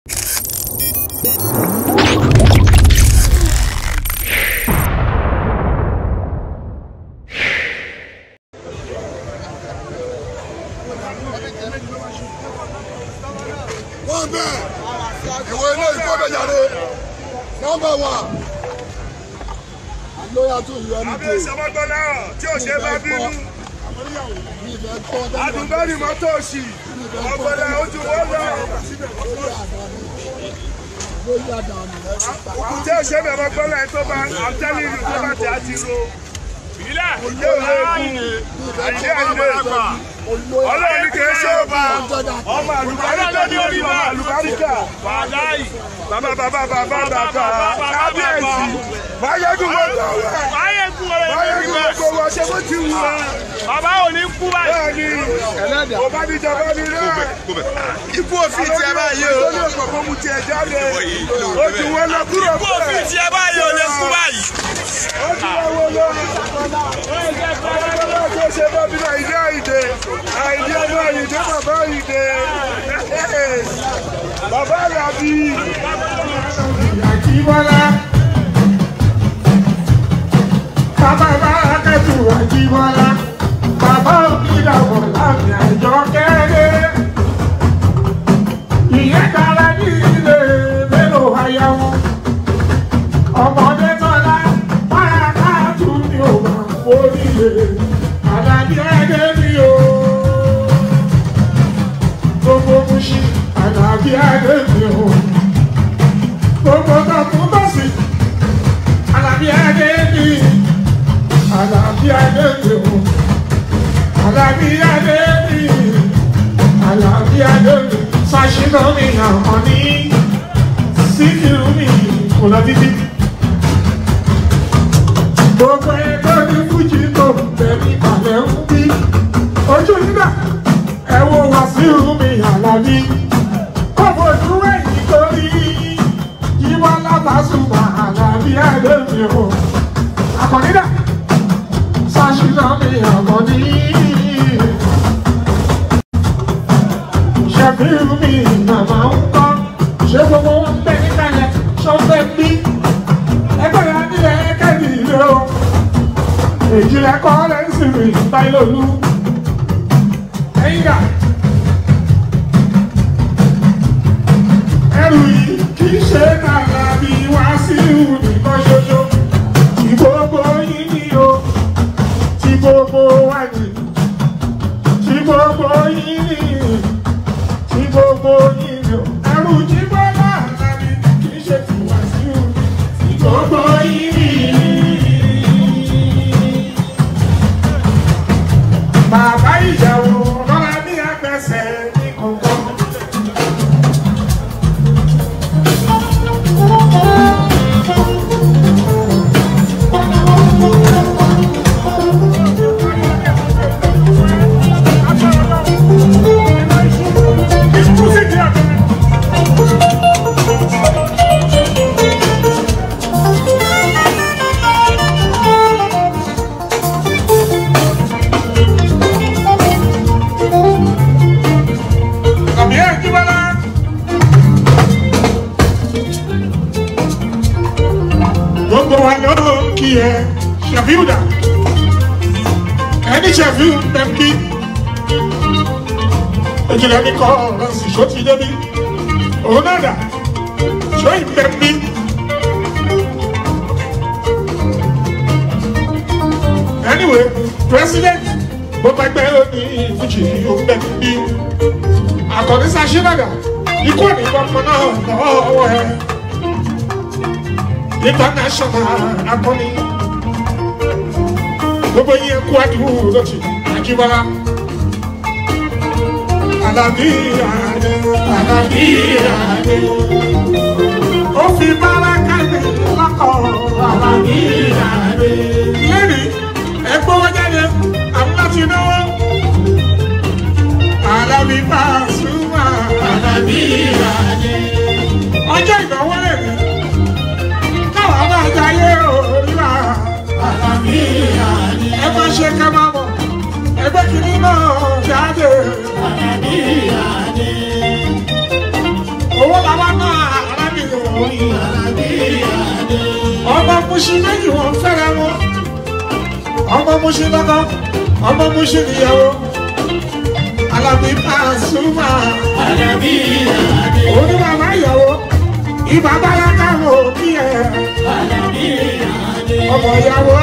wọ́n bẹ̀ ìwé ilé ìfọ́bẹ̀jáde nọ́mbà wà lóyà tó yọ ẹni dé. abẹ́ sọmọgbọ́nà tí ò ṣe bá Òkùnjẹ́ òṣèlú ẹ̀rọ gbọ́lá ẹ̀ tó bá àtẹ́lẹ̀ ìlú tó bá tẹ̀ á ti ro. Ìbílẹ̀ òjò lẹ́kùn àìlẹ́ àìlẹ́ ọlọ́ọ̀ni kìí ṣe ọba ọmọ àlùbáríkà ní orí ọmọ àlùbáríkà bàbá bàbá bàbá bàbá kábíyèsí báyẹ̀gùn gbogbo wẹ̀ báyẹ̀gùn gbogbo wẹ̀ ṣe bó ti wù wá. Bàbá ò ní kú báyìí. Bẹ́ẹ̀ni, kò bá ní jọba ní rẹ̀ ikú òfin ti ẹ báyìí o. olórí ọ̀pọ̀ kó mu tiẹ̀ jáde o ti wọ́n lọ kúrò fún ẹ. ikú òfin ti ẹ báyìí o lè kú báyìí. ó ti wọ́n wọ́n lọ. ọlọ́lá tó ṣe bá bí náà ìdí àìdè àìdí ọmọ ìdí bàbá ìdè bàbá làbí. ìyá kí bọ́lá bàbá bá akẹ́tù àjí bọ́lá bàbá òkìlà bọ̀ láàmì àjọkẹ́. alábíyáde mi alábíyáde mi sàṣìnà mi àmọ́ ní síkìrù mi kò lọ títí. gbogbo ẹgbẹ́ ní fújì tó bẹ̀rẹ̀ ìbàlẹ̀ ń bí ojú nígbà ẹ wo Wàsíù mi Àlàbí kò fojú ẹ̀yìn torí ìwà látàṣùwà alábíyáde mi o àkànnídà sàṣìnà mi àmọ́ ní. irú mi màmá ń kọ́ ṣé gbogbo wọn bẹ níkàlẹ̀ ṣó fẹ́ bí ẹgbẹ́ rẹ̀ nílẹ̀ kẹ́bì ilé o èjìlẹ̀ kọ́ lẹ́sìn mi báyìlólú ẹ̀yìn gà. ẹrù yìí kì í ṣe nàlà bí wá for Ṣẹ̀fíù dà ẹni Ṣẹ̀fíù bẹ̀ ń bí ìjìnlẹ̀ ní kọ́ ọ̀rọ̀ sì ṣó ti débi òun náà dà ṣó ìbẹ̀ ń Anyway, president bó bá gbẹ́ òní ìfújì yóò bẹ̀ ń bí àkọ́ní sàṣínàgà ikú òní gbọ́ngbọ́n náà lọ́wọ́ ẹ̀ international akọni gbogbo yín kú àdúró lọ́tì àjíbọ́lá. Àlàbí àdé Àlàbí àdé ó fi bára kalẹ̀ lọ́kọ̀ Àlàbí àdé. Lẹ́rìí ẹ gbówó jáde àwọn láti náwó. Àlàbí Pasuma Àlàbí àdé. Ọjọ́ ìgbà w Mùṣin méjì wọ́n fẹ́ra wọn ọmọ Mùṣin lọ́kọ ọmọ Mùṣin níyàwó alabi Pasuma Alábí Adé oníbàbá ìyàwó ìbá bára káwọn mo, ẹ Alábí Adé ọmọ ìyàwó.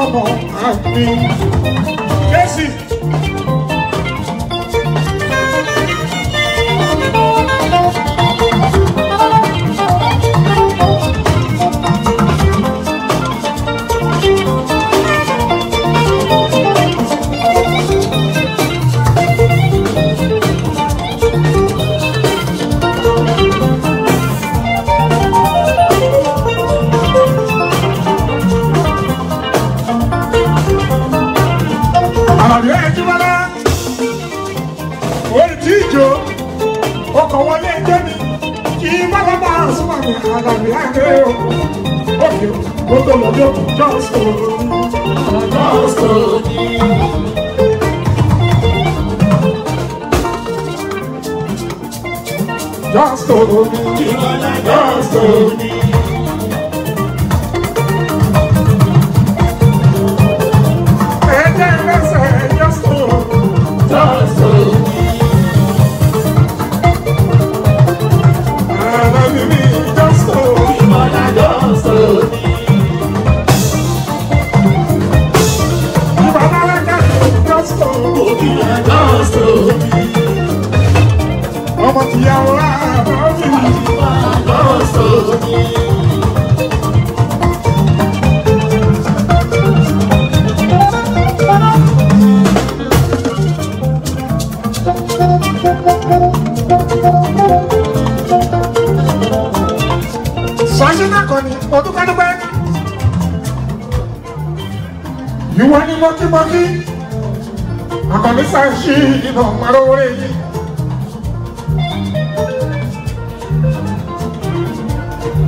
Come on, ọmọ àgbẹ̀. Jésù. for me, for me, jọ́sọ̀ for me, ni for me. Ṣàṣínà Àkànní odúpẹ́dúpẹ́. Ìwọ ni mọ́kímọ́kí, Àkànní Ṣàṣínà Màrówóré yìí.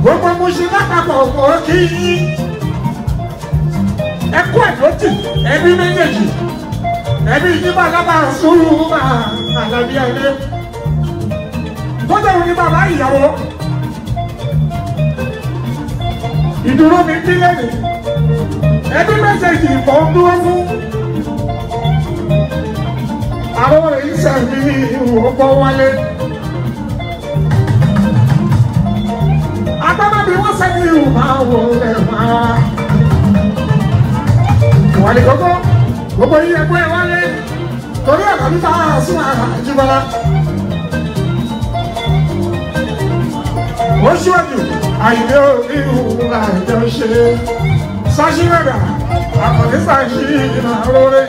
Gbogbo Mùsùlùmí lápapọ̀ ọ̀rọ̀ kí yín. Ẹ kú ẹ̀dọ́tì ẹbí méjèèjì. Ẹbí yín bá lábàá sùúrù máa àlàbí ẹ̀dẹ́. Bọ́dọ̀ ni bàbá ìyàwó. ìdúró mi tí lẹ́nu ẹbí mẹ́sẹ̀jì ìfọ̀ ń dúró fún àwọn rẹ̀ ń sàmì ìwọ̀pọ̀ wálé. agbábábí wọ́n sẹ́ni ìwù máa wò ẹ̀ máa. wàlẹ̀ gbogbo gbogbo yìí ẹgbẹ́ wálé torí ẹ̀ka ń bá a sún àrà àjùbọ́lá. ó ṣíwájú. I know àyè òbí òun àjọṣe sáṣí rẹ̀ àkàndé sáṣí ìrànlọ́rẹ́.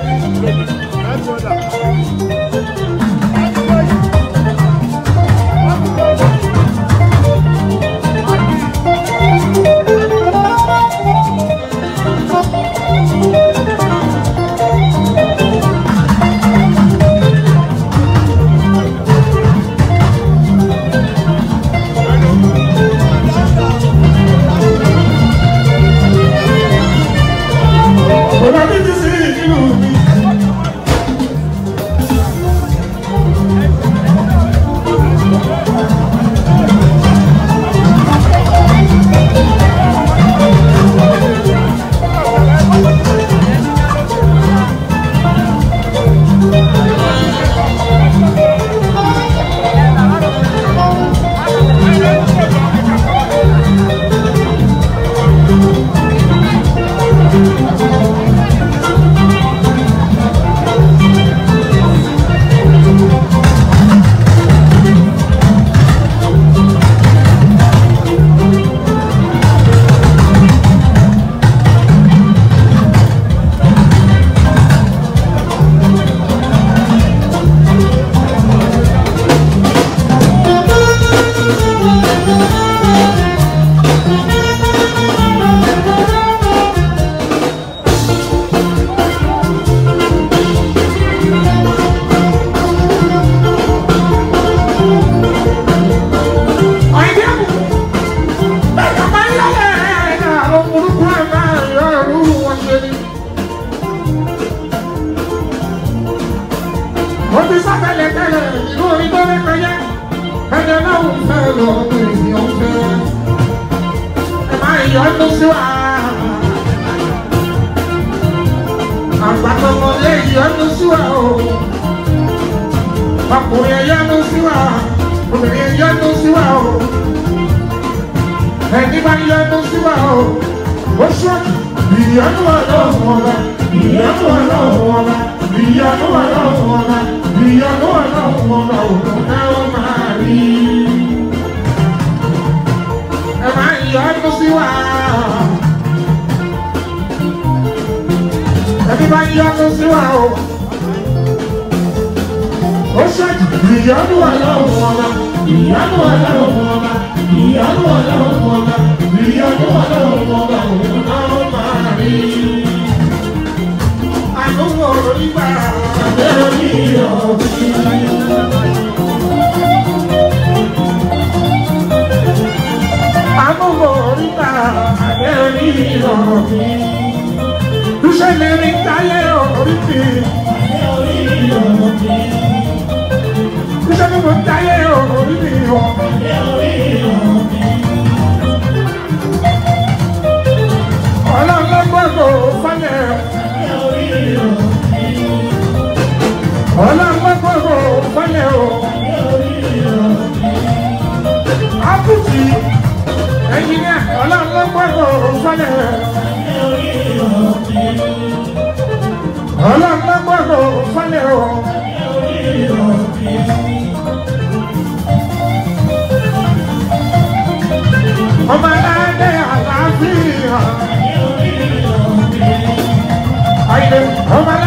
ti sá tẹ́lẹ̀tẹ́lẹ̀ ìlú orin tó rẹ́ pẹ́yẹ. ẹ̀jẹ̀ náà ń fẹ́ lọ ọmọ ènìyàn ń fẹ́. ẹ máa yọ ọdún sí wa. àgbà tọmọ lè yọ ọdún sí wa o. ọkùnrin yọ ọdún sí wa obìnrin yọ ọdún sí wa o. ẹni bá yọ ọdún sí wa o. ó ṣe ìyọnu ọlọ́run ọba ìyọnu ọlọ́run ọba ìyọnu ọlọ́run. tí a ń yọnu sí wa o. ó ṣàjù ìyanu ọlọ́run ọba ìyanu ọlọ́run ọba ìyanu ọlọ́run ọba ìyanu ọlọ́run ọba òun náà máa rí. àdúgbò onígbà àbẹ̀rẹ̀ yíyọ. àdúgbò onígbà àbẹ̀rẹ̀ yíyọ iṣẹ́ lè rí táyé orí mi. iṣẹ́ ni mo ń táyé orí mi o. ọlọ́lọ́gbọ́n kò fọ́nẹ̀. ọlọ́. ọmọ ẹ̀ẹ́dẹ́ àlàáfíà. Ayé ọmọ ẹ̀ẹ́dẹ́.